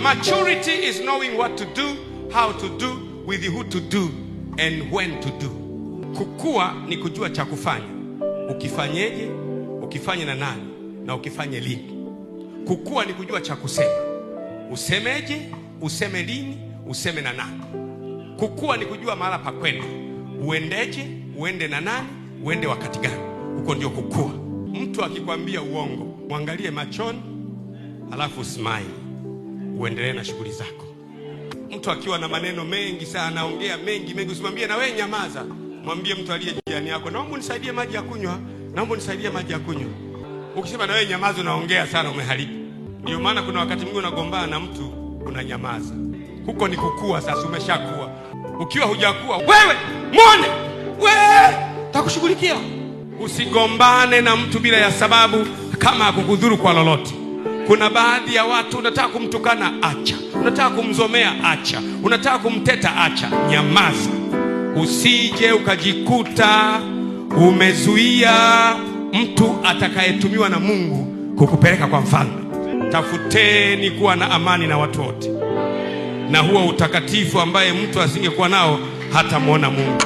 Maturity is knowing what to do, how to do, with who to do and when to do. Kukua ni kujua cha kufanya, ukifanyeje, ukifanye na nani na ukifanye lini. Kukua ni kujua cha kusema, usemeje, useme lini, useme na nani. Kukua ni kujua mahala pa kwenda, uendeje, uende na nani, uende wakati gani. Huko ndio kukua. Mtu akikwambia uongo, mwangalie machoni, alafu smile uendelee na shughuli zako. Mtu akiwa na maneno mengi sana, anaongea mengi mengi, usimwambie na wewe nyamaza. Mwambie mtu aliye jirani yako, naomba unisaidie maji ya kunywa, naomba unisaidie maji ya kunywa. Ukisema na wewe nyamaza, unaongea sana, umeharibu. Ndio maana kuna wakati mwingine unagombana na mtu unanyamaza, huko ni kukua. Sasa umeshakuwa, ukiwa hujakuwa wewe mwone wewe, takushughulikia. Usigombane na mtu bila ya sababu, kama akukudhuru kwa lolote. Kuna baadhi ya watu unataka kumtukana, acha. Unataka kumzomea, acha. Unataka kumteta, acha, nyamaza, usije ukajikuta umezuia mtu atakayetumiwa na Mungu kukupeleka kwa mfalme. Tafuteni kuwa na amani na watu wote, na huo utakatifu ambaye mtu asingekuwa nao hatamwona Mungu.